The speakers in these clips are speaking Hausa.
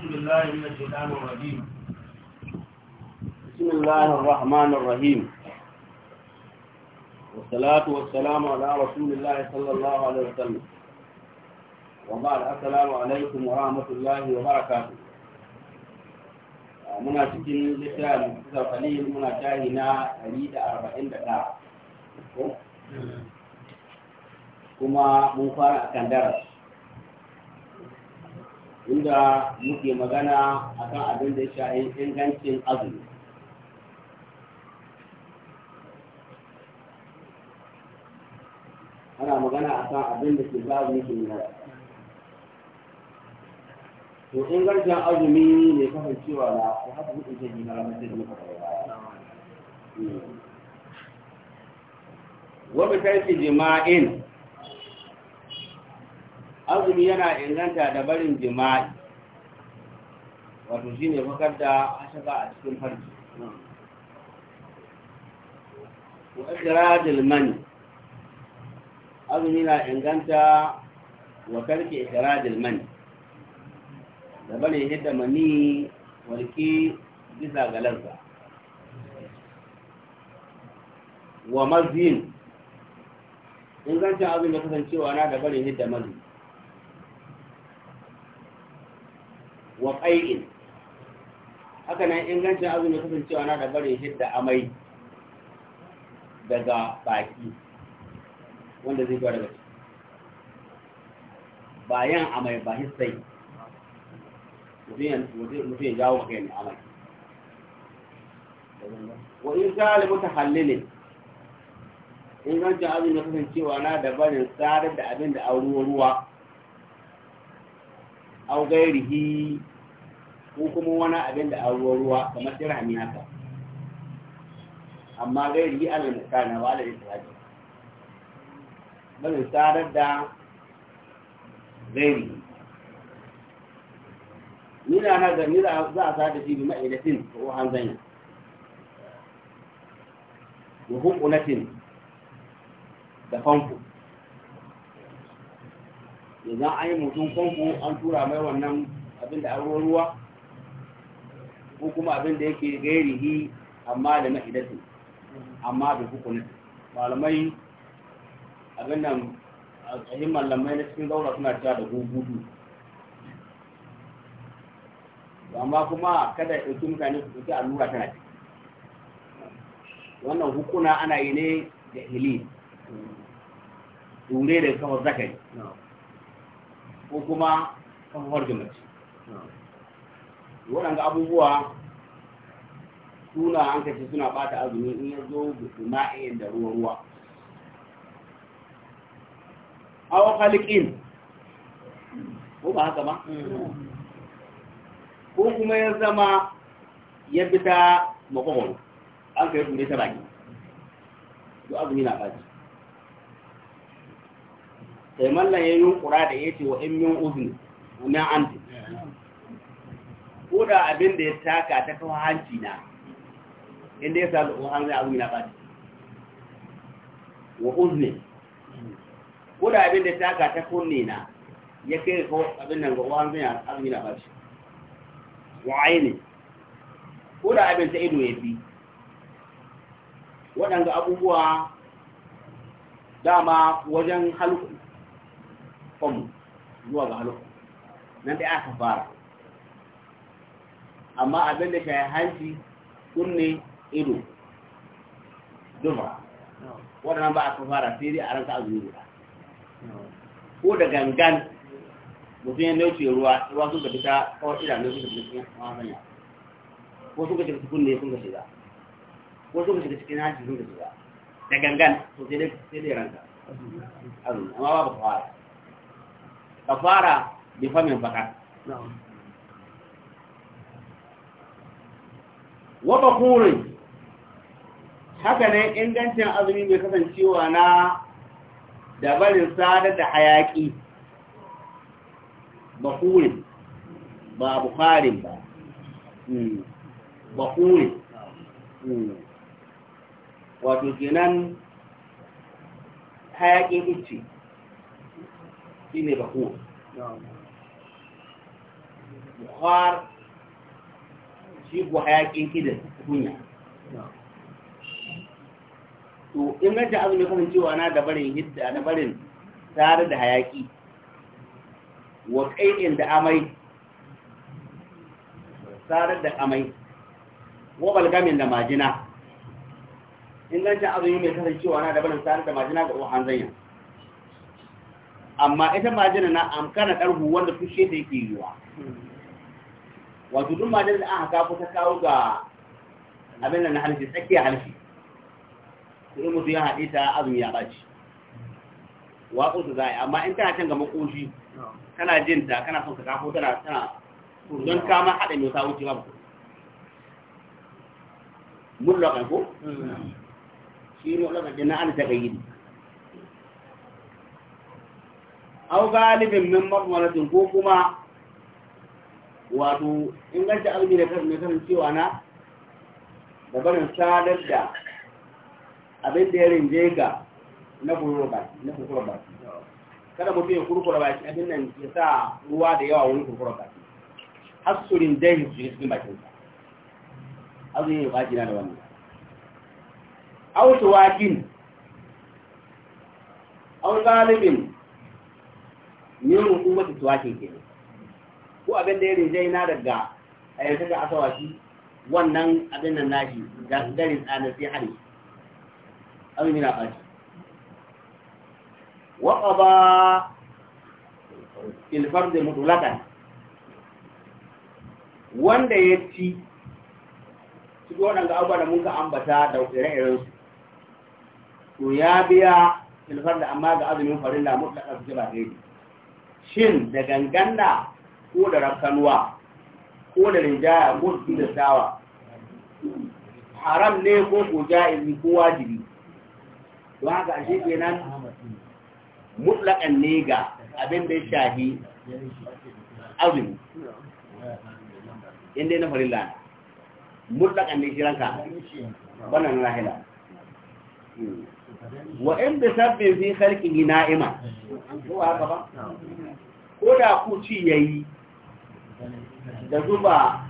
بسم الله الرحمن الرحيم والصلاة والسلام على رسول الله صلى الله عليه وسلم وبعد السلام عليكم ورحمة الله وبركاته muna cikin littafin zafalin muna tahi na 141 kuma mun fara a kan darasi inda muke magana akan abin da shahin ingancin azumi ana magana akan abin da ke zaɓi ke nuna to ingancin azumi ne kasancewa na ko haka hukun ke jina na mace da muka baya wani kai jima'in azumi yana inganta da barin jima'i wato shi ne fakar da ashaka a cikin farji wa'idirajil mani azumi na inganta wa karke idirajil mani da barin hidda mani warki bisa galarsa wa mazin inganta azumi kasancewa na da barin hidda mazin wa ƙai'in haka nan ingancin azumi kasancewa na da barin hidda amai daga baki wanda zai gwada gaci bayan amai ba hissai mutum ya jawo maka yin amai wa in kare mata hallilin ingancin azumi kasancewa na da barin tsarar da abin da auruwa ruwa ruwa au gairihi ko kuma wani abin da an ruwa kamar dirhami haka amma gairihi alal na wa alal israfi bazin sadar da gairihi ni na ga ni za a sadar shi bi tin ko hanzanya wa hukunatin da fanfu idan an yi mutum famfo an tura mai wannan abin da an ruwa ko kuma abin da yake gairihi amma da ma'idatu amma da hukunin malamai abin nan a tsayin malamai na cikin zaura suna cewa da gugudu amma kuma kada ya ɗauki mutane su ɗauki allura tana ce wannan hukuna ana yi ne da hili ture da kawai zakari ko kuma kafafar da mace waɗanda abubuwa suna an kace suna bata azumi in ya zo ma'in da ruwan ruwa awa khaliqin ko ba haka ba ko kuma ya zama ya bi ta makwakwaro an kai kuma ta baki to azumi na baki sai mallan ya yunkura da ya ce wa in min uzun min anti ko da abin da ya taka ta kawo hanci na inda ya sa da ohan zai azumi na ɓaci wa uzni ko da abin da ya taka ta kunne na ya kai kawo abin nan ga ohan zai azumi na ɓaci wa aini ko da abin ta ido ya bi waɗanda abubuwa dama wajen halukun fom zuwa ga halukku nan da aka fara amma abin da shayi hanci kunne ido duba waɗannan ba aka fara sai dai a ranka azumi guda ko da gangan mutum ya nauce ruwa ruwa sun ka fita kawai idanu sun ka fita cikin hanya ko sun ka shiga cikin ne sun ka shiga ko sun ka shiga cikin hanci sun ka shiga da gangan sosai sai dai ranka azumi amma ba ba fara kafara bi famin fakat wa bakurin haka ne ingancin azumi mai kasancewa na dabarin sadar da hayaki bakurin ba bukarin ba hmm. bakurin hmm. wato kenan hayakin ice shine bakur bukhar shi ku hayakin kidan kunya to in inganta abin kuma cewa na da barin hidda na barin tare da hayaki wa ƙaiƙin da amai tare da amai wa balgamin da majina in inganta abin kuma cewa na da barin tare da majina ga uwan zanya amma ita majina na amkana ɗarhu wanda fushe da yake yiwa wato duk majina da aka ko ta kawo ga abin da na halshe tsakiya halshe ko in mutu ya haɗe ta azumi ya ɓaci waƙo su zai amma in kana can ga makoshi kana jin ta kana son ka kafo tana tana don kama haɗa mai wata wuce babu mutlaka ko mm. shi mutlaka na an ta yi. au galibin min marmaratin ko kuma wato inganta almi da cewa na da barin sadar da abin da ya rinje ga na kurkura baki kada mutum ya kurkura baki abin nan ya sa ruwa da yawa wani kurkura baki hasurin jahin su yi cikin bakinsa azuyin ya baki na da wannan autuwakin au galibin min wata tuwa ke ko abin da ya rinjai na daga a yanzu da asawashi wannan abin nan nashi da gari tsanar sai hari abin yana fashi waƙa ba ilfar da mutulaka wanda ya ci cikin waɗanda abubuwa da muka ambata da ire su to ya biya ilfar da amma ga azumin farin da mutulaka su ba daidai shin da ganganda ko da rakanuwa ko da rinjaya ko da sawa haram ne ko ko ja'izi ko wajibi don haka ashe nan mutlaƙan ne ga abin da ya shahi azumi inda na farilla mutlaƙan ne ranka wannan rahila hmm. wa in bi sabbin fi khalqihi na'ima ko haka ba ko da ku ci yayi da zuba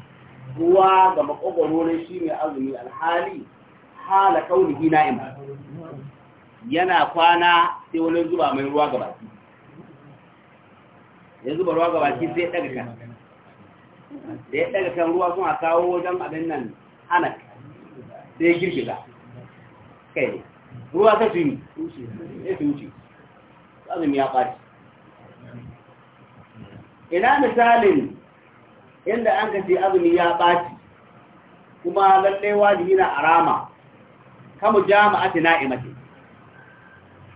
ruwa ga makogoro ne shi mai azumi alhali hala kaunihi na'ima yana kwana sai wani zuba mai ruwa ga baki ya zuba ruwa ga baki sai daga kan da ya daga kan ruwa suna kawo wajen abin nan hana sai girgiza kai ne. ruwa ta fi yi wuce azumi ya ɓaci ina misalin inda an kace azumi ya ɓaci kuma lallai wajibi na arama kamu jama'ati na'imati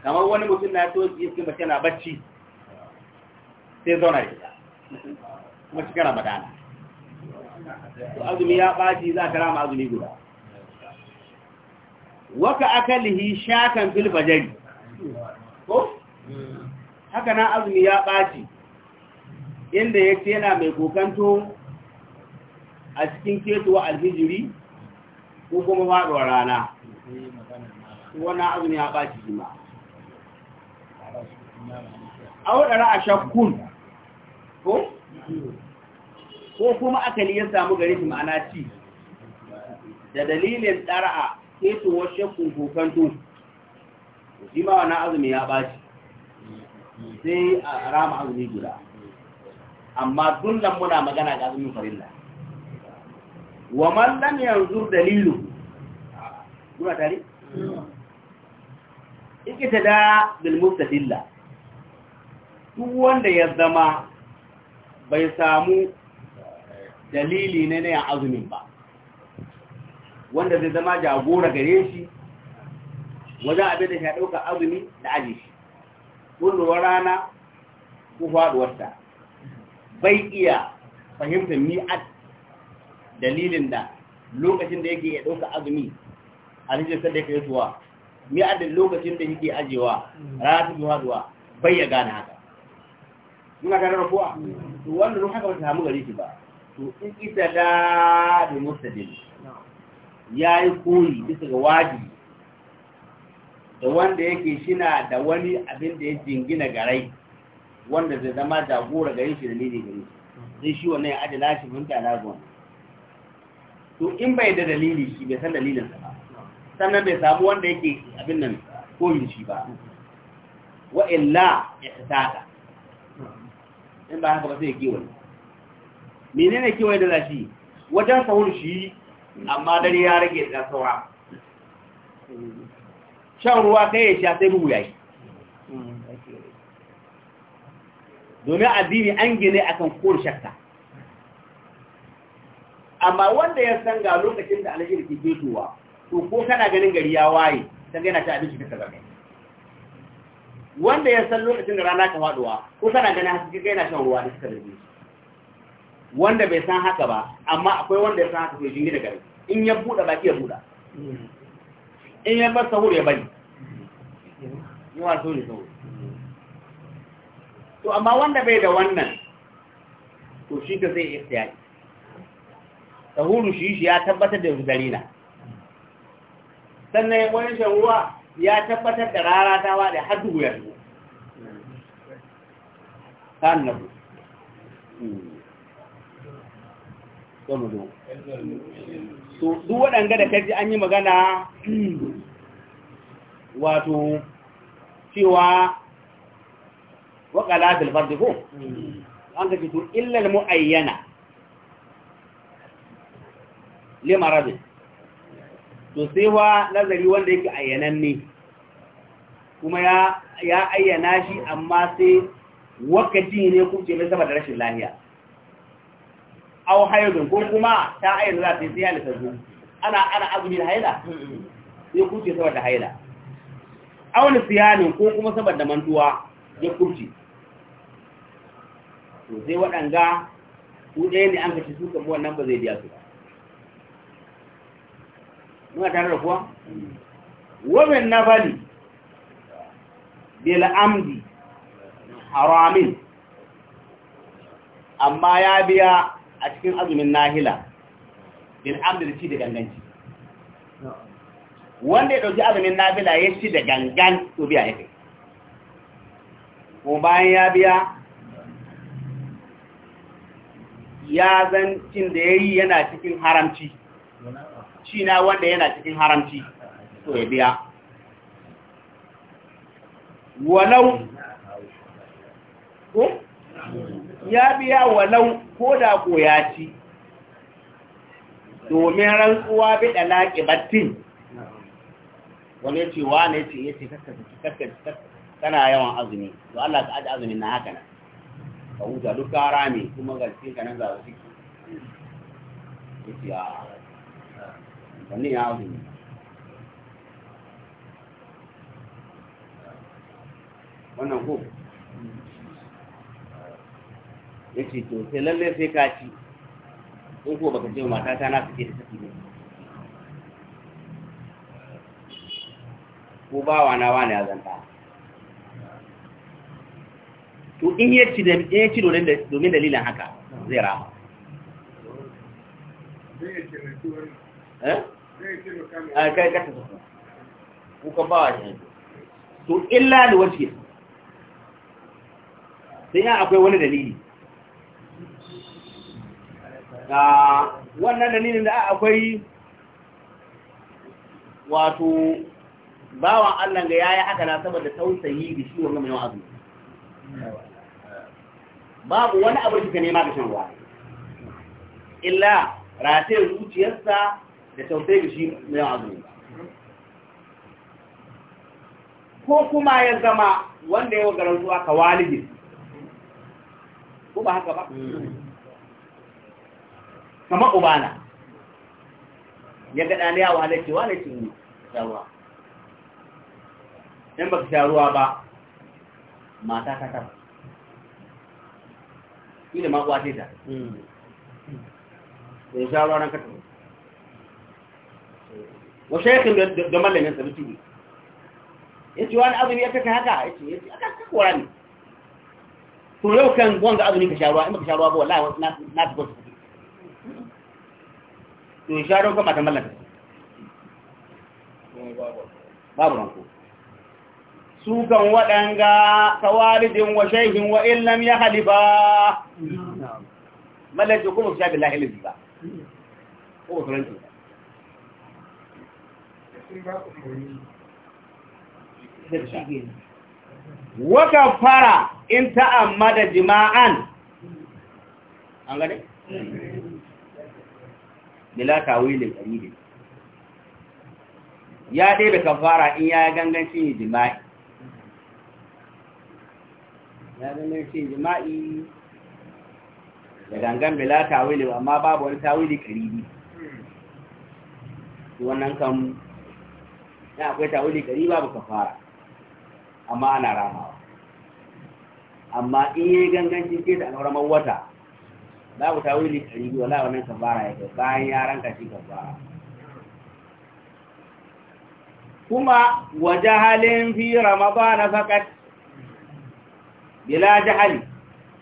kamar wani mutum na to yake mace na bacci sai zauna da ita kuma cikin ramadana to azumi ya ɓaci za ka rama azumi guda waka akalihi shakan fil fajari ko haka nan azumi ya ɓaci inda yake yana mai kokanto a cikin ketuwa alhijiri ko kuma faɗuwa rana wannan azumi ya ɓaci shi a waɗara a shakkun ko ko kuma akali ya samu gari shi ma'ana ci da dalilin ɗara'a ketowar shakkun kokanto shi ma wani azumi ya ɓaci sai a rama azumi guda amma dunnan muna magana ga azumin farilla wa man lam yanzur dalilu muna tare ta da bil mustadilla duk wanda ya zama bai samu dalili ne na azumin ba wanda zai zama jagora gare shi wajen abin da ya ɗauka azumi da aji shi ƙullowar rana ko faɗuwarta. bai iya fahimtar ni'ad dalilin da lokacin da yake ya ɗauka azumi a rijin sadda ya kai suwa ni'ad da lokacin da yake ajewa rana ta faɗuwa bai ya gane haka muna tare da kuwa? to wanda don haka ba ta samu gare shi ba to in isa da da ya yi koyi bisa ga wajibi da wanda yake shina da wani abin da ya jingina garai wanda zai zama jagora gare shi da lili gare shi wa shi wannan ya adala shi na ta lagon to in bai da dalili shi bai san dalilin sa ba sannan bai samu wanda yake abin nan koyin shi ba wa illa ya tsada in ba haka ba sai ya kiwaye menene kewaye da lashi wajen sahur shi amma dare ya rage da saura shan ruwa kai ya sha sai duhu yi. domin addini an gine kan kowar shakka amma wanda ya san ga lokacin da da ke fitowa to ko kana ganin gari ya waye ta gina ta abinci ta kaza wanda ya san lokacin da rana ta faduwa ko kana ganin haske kai na shan ruwa da suka rage shi wanda bai san haka ba amma akwai wanda ya san haka sai jingina gare in ya buɗe baki ya buɗe in ya bar sahur ya bari ni wa so ne so to amma wanda bai da wannan to shi ka zai iftiyari sahuru shi shi ya tabbatar da dare na sannan wani shan ruwa ya tabbatar da wa da har duhu ya shigo kan za duk waɗanda da kaji an yi magana wato cewa waƙala bilfardi ko mm. an ka fito illal mu'ayyana limarabin to sai wa nazari wanda yake ayyanan ne kuma ya ayyana shi amma sai wakaci ne kuke mai saboda rashin lahiya aw haidun ko kuma ta ayyana za ta yi sai halitta zo ana ana azumi da haila ya kurce saboda haila aw siyanin ko kuma saboda mantuwa ya kurce to sai waɗanga ku ɗaya ne an kace su kan nan ba zai biya su ba muna tare da kuwa wamin nabali bil amdi haramin amma ya biya a cikin azumin nahila bil amdi da ci da ganganci wanda ya ɗauki azumin nahila ya ci da gangan to biya yake kai kuma bayan ya biya ya zan cin da ya yi yana cikin haramci cina wanda yana cikin haramci to ya biya walau ko ya biya walau ko da ko ya ci domin rantsuwa bi da laƙi battin wani ce wa ne ce ya ce kakka yawan azumi to Allah ka aji azumin na haka nan ka huta duk kara ne kuma garce ka nan zaɓa ciki ya ce wani ya azumi wannan ko ya ce to sai lallai sai ka ci in ko baka ce mata ta na suke da tafi ne ko ba wa na wani azanta. to in ya ci domin dalilin haka zai rama a eh? ah, kai kasa su kuka ba wa shi to illa da wace sai ya akwai wani dalili ga wannan dalilin da akwai wato bawan Allah ga yayi haka na saboda tausayi da shi wannan mai azumi babu wani abu da nema ga shan ruwa illa ratin zuciyarsa da tausayi da shi mai azumi ko kuma ya zama wanda ya wagarantuwa ka walidin ko ba haka ba kama ubana ya ga ɗani yawa da cewa da cin sharuwa in ba ka sharuwa ba mata ta taba ina ma kwace ta in sharuwa ran kata wa shaikhin da mallamin sabi cibi ya ce wani azumi ya kaka haka ya ce ya kaka kora ne to yau kan wanga azumi ka sharuwa in ba ka sharuwa ba wallahi na fi gwamnati to sharo ko mata mallaka babu ranko su kan waɗanga kawalidin wa shaihin wa illam ya halifa mallaka kuma su shafi lahilin ba ko kusuranci waka fara in ta'ammada jima'an an gane? bila tawilin qaribin ya dai da kafara in ya ganganci jima'i ya ganganci jima'i da gangan bila tawilin amma babu wani tawili qaribi wannan kan ya akwai tawili kari babu kafara amma ana ramawa amma in yi gangancin ke da alwaramar wata ku babu tawili ɗari biyu wala wannan kabara ya kai bayan yaran ka shi kabara kuma wa jahalin fi ramadan faqat bila jahali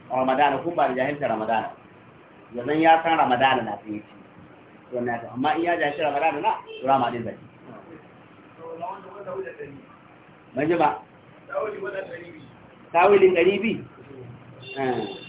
ramadana kun ba da jahilta ramadana yanzu ya san ramadana na sai to na to amma in da shi ramadana na ramadan din zai manje ba tawili wala tawili tawili ɗari biyu eh.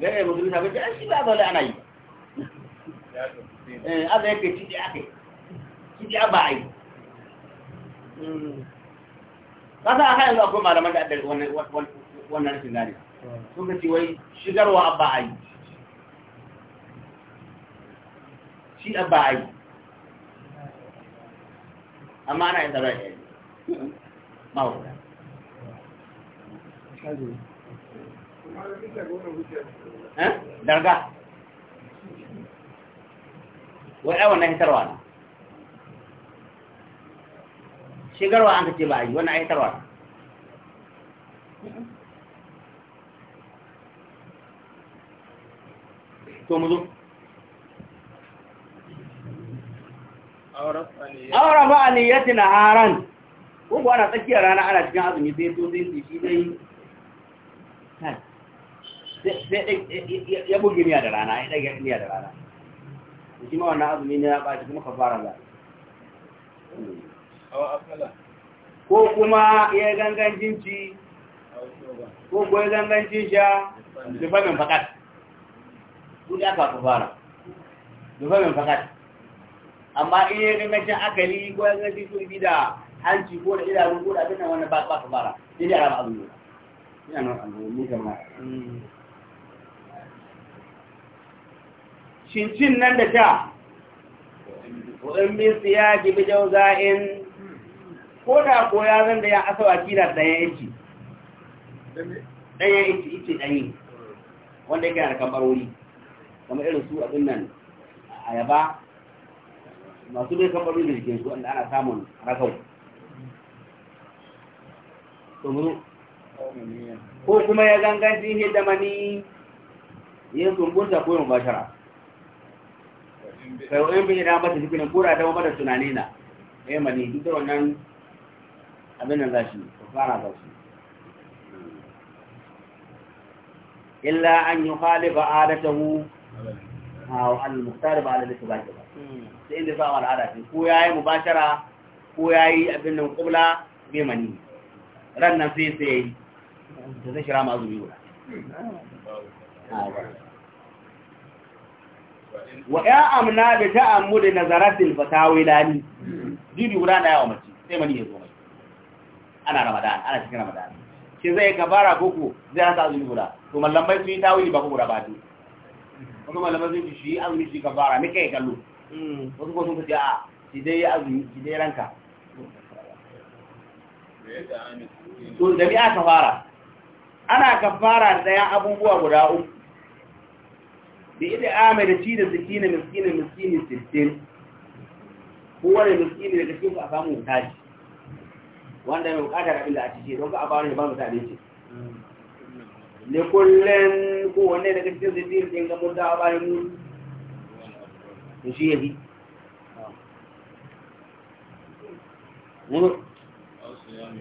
gare ba duniya ba an shi ba zaune ana yi aza ake ciki a yi hmm. kasa a malaman da adar wannan sun ka shigarwa a ba shi a ba amma ana yin ya darga wai ai wannan hitarwa shigarwa an ba yi wannan ai hitarwa to mu zo ba aliyati na haran ko ana tsakiyar rana ana cikin azumi sai to zai shi dai ya buge miya da rana ya ɗage miya da rana da shi ma wannan azumi ne ya ɓaci kuma ka fara za ko kuma ya gangancin ci ko kuma ya gangancin sha dufa min fakat kudi aka ka dufa min fakat amma in ya gangancin akali ko ya gangancin turbi da hanci ko da idanu ko da abin nan wannan ba kafara, fara sai dai a raba azumi ina nan al'ummi kamar cincin nan da sha waɗin min siya gibi jauza'in ko da ko ya zan da ya asawa kira ɗaya yanci ɗaya yanci ice ɗanyi wanda yake da kambarori kamar irin su abin nan ayaba masu bai kambarori da jikin su wanda ana samun rakau ko kuma ya ganganci hidda mani yin sumbunta ko yin bashara kai wani bai da mata shi ne kura ta mata tunani na eh mani duk da wannan abin nan zashi kafara zashi illa an yukhalifa adatahu aw al-muqtarib ala al-tibaq sai inda ba wal adati ko yayi mubashara ko yayi abin nan qibla bai mani ran nan sai sai da zai shira ma zuwa wa ya amna da ta'ammu da nazaratil fatawi lani Jibi guda na yawa mace sai mani ya zo mai ana ramadan ana cikin ramadan ke zai kabara koko zai hasa azumi guda to mallamai su yi tawili ba ku guda ba ne kuma mallamai sun shi azumi shi kabara me kai kallo hmm. wasu ko sun ce a shi dai azumi shi dai ranka to da bi aka fara ana kafara da yan abubuwa guda uku da ita amai da ci da sikina miskina miskini sittin kowane miskini daga cikin a samu mutaji wanda mai bukata ga illa a ciki don ka abawar ne ba mutane ce ne kullum kowane daga cikin sittin din ga mutu dawa bayan mutu da shi ya fi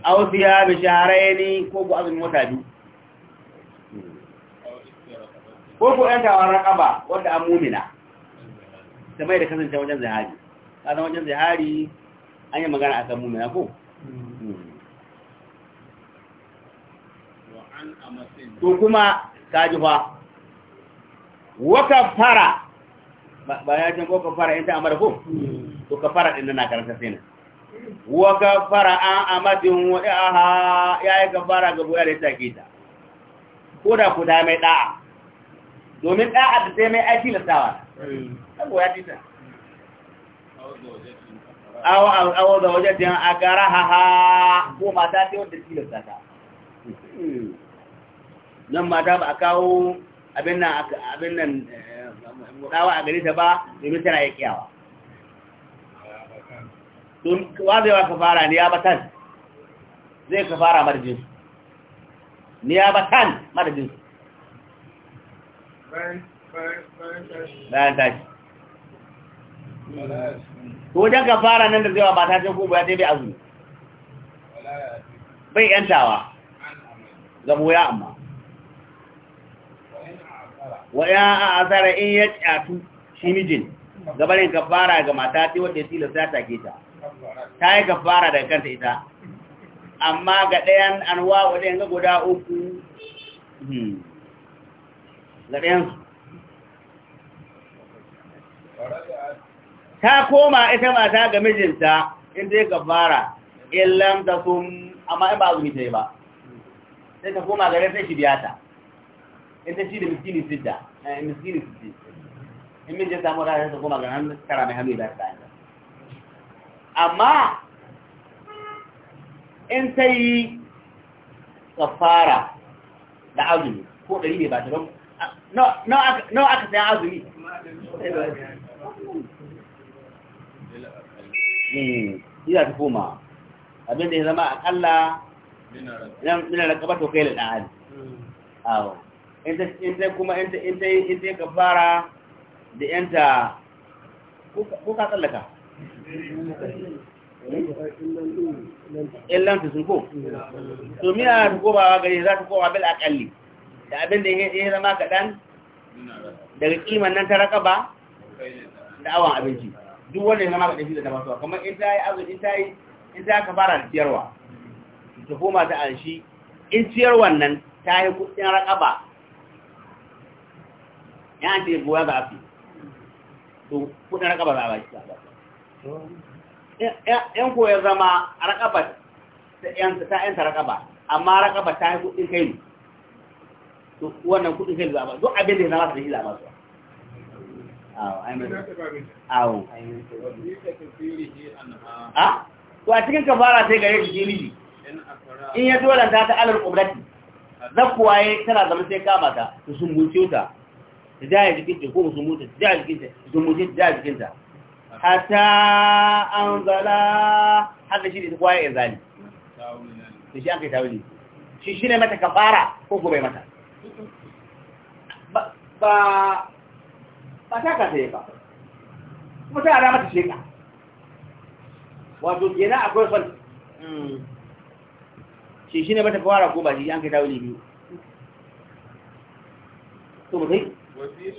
auziya da shahararri ko ku azumin wata biyu ko ko yan tawar raqaba wanda an mumina ta mai da kasance wajen zahari kana wajen zahari an yi magana akan mumina ko hmm. to kuma kaji fa waka fara ba ya ce ko kafara in ta amara ko hmm. to kafara din na karanta sai ne wa kafara an amadin wa aha yayi kafara ga boyar ta kita ko da ku da mai da'a domin ɗa'a da sai mai aiki da sawa sabo ya tita awo da wajen a gara haha ko mata ce wadda tilasta ta nan mata ba a kawo abin nan dawa eh, a gari ta ba domin tana ya kiyawa wazewa ka fara niyabatan zai ka fara marjinsu niyabatan marjinsu bayan tashi wajen ka fara nan da zewa ba mata ce ko ba ta bai azumi bai yantawa zamo ya amma wa ya a asara in ya ƙyatu shi mijin gabarin fara ga mata ce wadda ya tilasta ta ke ta ta yi fara daga kanta ita amma ga ɗayan an wa waɗanda guda uku hmm, ga ɗayansu ta koma ita mata ga mijinta inda ya gabara in da sun amma in ba zuwa ta ba sai ta koma gare sai shi biya ta inda shi da miskini sidda eh, miskini siddi in mijin samu rana ta koma ga hannun tara mai hannu da ta amma in ta yi tsaffara da azumi ko ɗari ne ba ta don no aka sayan azumi hmm, ina ta koma abinda ya zama akalla mina da kaba to kai da ɗan awo in ta kuma in ta yi kafara da yanta ko ka tsallaka illan su sun ko to mina ta komawa gari za ta koma bil akalli da abin da ya zama kaɗan daga ƙiman nan ta raka ba da awon abinci duk wanda ya zama kaɗan shi da ta masuwa kamar in ta yi abin in ta yi in ta ka fara da ciyarwa ta koma ta alshi in ciyarwan nan ta yi kuɗin raka ba ya ce goya ba a fi to kuɗin raka ba za a ba shi ba yan ko ya zama rakabar ta yanta rakaba amma ba ta yi kudin kai to wannan kudin sai zaba duk abin da ya zama da shi zaba su awo a to a cikin kafara sai gare shi miji in ya dolanta ta alal umrati zakwaye tana zama sai kama ta su sun mutu ta ta jaya ta ko su mutu ta jaya ta su mutu ta jaya ta hata an zala har da shi ne ta kwaye ya zali to shi an kai tawili shi shi ne mata kafara ko ko bai mata ba ba ta ka ba kuma sai ara mata sheka wato kenan akwai fal mm, shi ba bata fara ko ba shi an kai dawo wuli biyu to mutai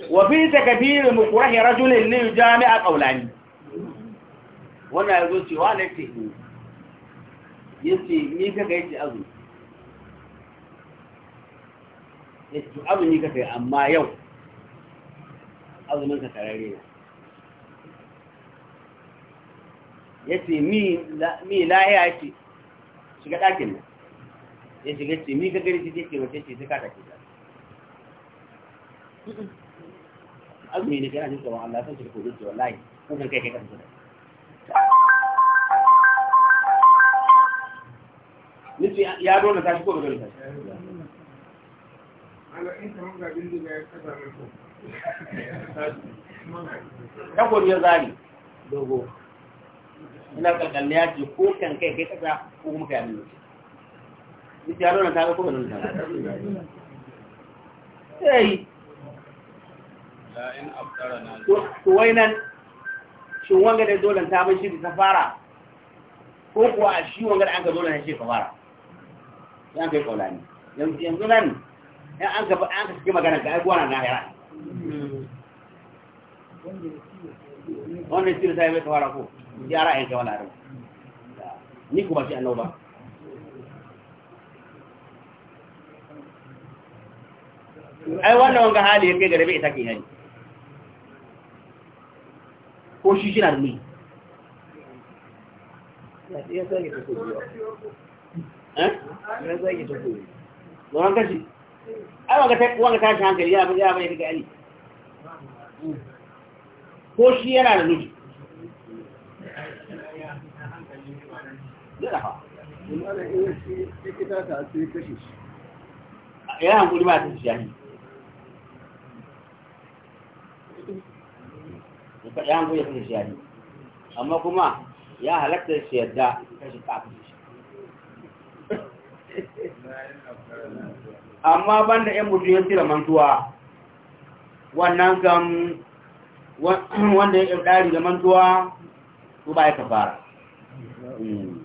wa fi takfir mukrah rajul li jami'a qawlani wannan yazo cewa ne ce hmm. yace ni kaga yace azumi ya ce azumi ka kai amma yau azumin ka tarare ne ya ce mi lahiya ya ce shiga ɗakin nan ya shiga ce mi ka gari ce ce ce sai ta tafi ta azumi ne kana jin tsoron Allah san shi da kodin ce wallahi ko kai kai kan suna nufi ya dole ta shi ko ba dole shi takwar ya zari dogo ina kankan ya ce ko kan kai kai kasa ko kuma kai ni ita yaro na taga kuma nan ta sai to wai nan shin wanga da dole ta bai shi ta fara ko kuwa a shi wanga da an ka dole ne shi ka fara yan kai yanzu yanzu nan in an gaba an ka cikin magana ga aikuwa na lahira wannan cire sai mai kawara ko yara yanke wani arin ni kuma shi annoba ai wannan wanga hali ya kai garabe ita ke hani ko shi shi na da ni eh? ya zage ta koyo ba ya yi ta koyo ai wanga ta wanga ta hankali yana ya bai ga ali ko shi yana da miji ya hankuli ba ta shi ya ya ta shi amma kuma ya halatta shi yadda kashi ta kashi amma banda ‘yan mutum ya tsira mantuwa wannan kan wanda ya ɗari da mantuwa su ba ya kafara hmm.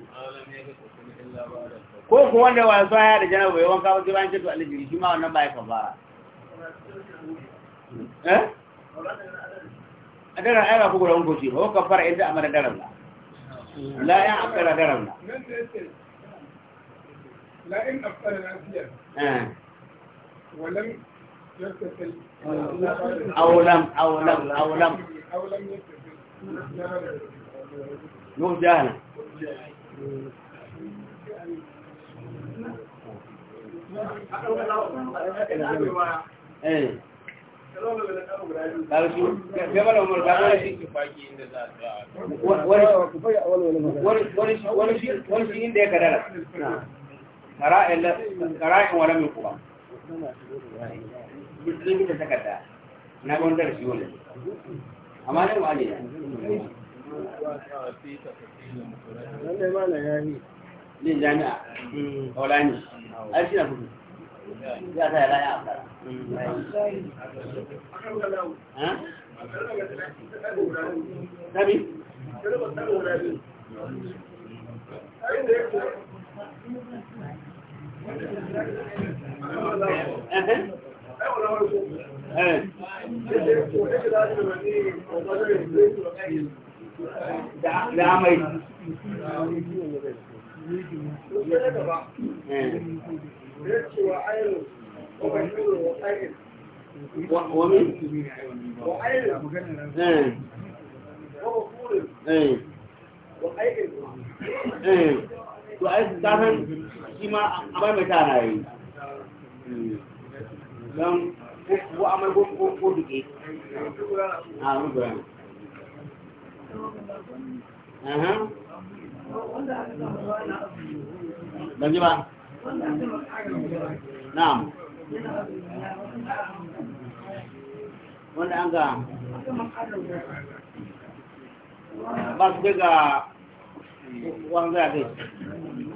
ko ku wanda wa sa ya da janaba ya wanka wasu bayan ceto alijiri shi ma wannan ba ya kafara eh? a daren aika ku guda hunkoci ba ko kafara yadda a mara daren ba la akara daren ba la akara na fiye eh. ولم يتصل أو لم أو لم أو لم أو لم يتصل yin da takarda na shi wani amma ba ne wanda jami'a shi na kudu ya ta yara fara da amai shi ma a maimaita na yi don ko amai ko duke a rubuwa ban ji ba na'am wanda an ga ba su daga wanzu a kai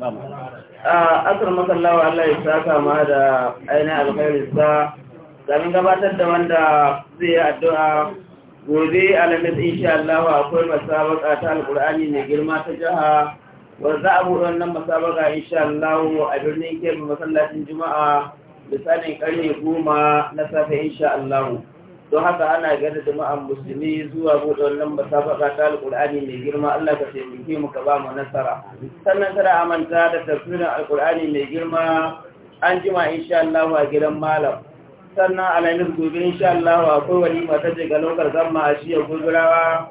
asar ah, masallawa Allah ya saka ma da ainihin alkhairinsa gamin gabatar da wanda zai yi addu'a gobe alamis insha Allah akwai masabaka ta alkur'ani mai girma ta jiha wanda za a buɗe wannan masabaka insha Allah a birnin ke masallacin juma'a sanin karni goma na safe insha Allah don haka ana gada jama'an musulmi zuwa buɗe wannan ba ta alƙur'ani mai girma Allah ka taimake mu ka ba mu nasara sannan kada a manta da tafsirin alƙur'ani mai girma an jima insha Allah a gidan malam sannan alamin gobe insha Allah akwai wani mata je ga lokar zamma a shiya gurgurawa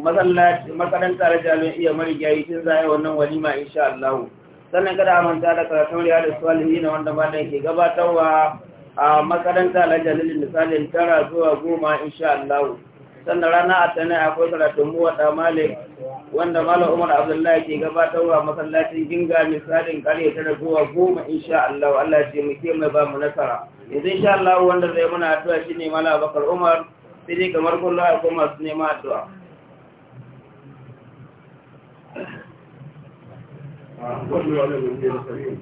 makaranta da jami'in iya marigayi tun zai wannan walima insha Allah sannan kada a manta da karatun riyar da na wanda ba ke gabatarwa a makaranta jalili misalin tara zuwa goma insha Allah sannan rana a tsanai akwai karatun wa malik wanda malam umar abdullahi ke gabatarwa masallacin ginga misalin karye tara zuwa goma insha Allah Allah ce ke mai ba mu nasara yanzu insha Allah wanda zai muna addu'a shine malam bakar umar sai dai kamar kullum akwai masu nema addu'a وصلوا على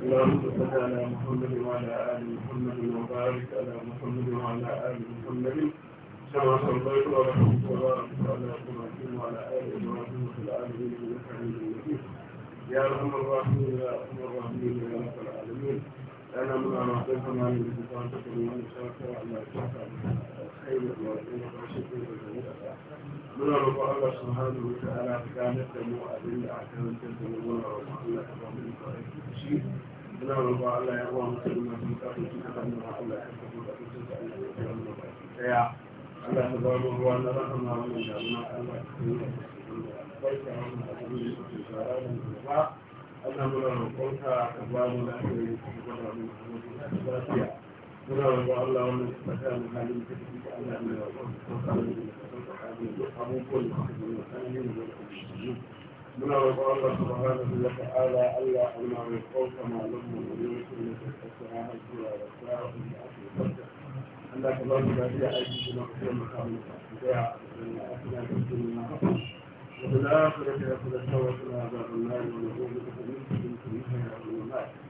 اللهم صل على محمد وعلى ال محمد وبارك على محمد وعلى ال محمد كما صليت ورحمت وبارك على ابراهيم وعلى ال ابراهيم في العالمين انك حميد مجيد يا ارحم الراحمين يا ارحم الراحمين يا رب العالمين انا من اعطيك ما من بطانتك ومن شرك على شرك muna roƙon Allah subhanahu wa ta'ala ka ganar da mu abin da aka rantar da mu muna roƙon Allah ka ba mu iko aiki da shi muna roƙon Allah ya ba mu kalma sun kafin su ka nuna Allah ya ka buɗe kusa da Allah ya kira mu baki daya Allah ka ba mu ruwa na rahama wannan damuna Allah ka yi da su da barka wannan abin da yake tsara da gaba Allah muna roƙon ka ka ba mu lafiya ka ba mu lafiya muna roƙon Allah subhanahu wa ta'ala Allah ana mai kauka malamu da yau su ne ta tsara hajjura da tsara da ake kwanta Allah ka ba mu lafiya aiki da na kuma makamu da su daya da na asina da su na haɗu da na kuma da ya kuma tsawon suna zaɓen na yau da gobe da kuma su ne su ne ta yawon na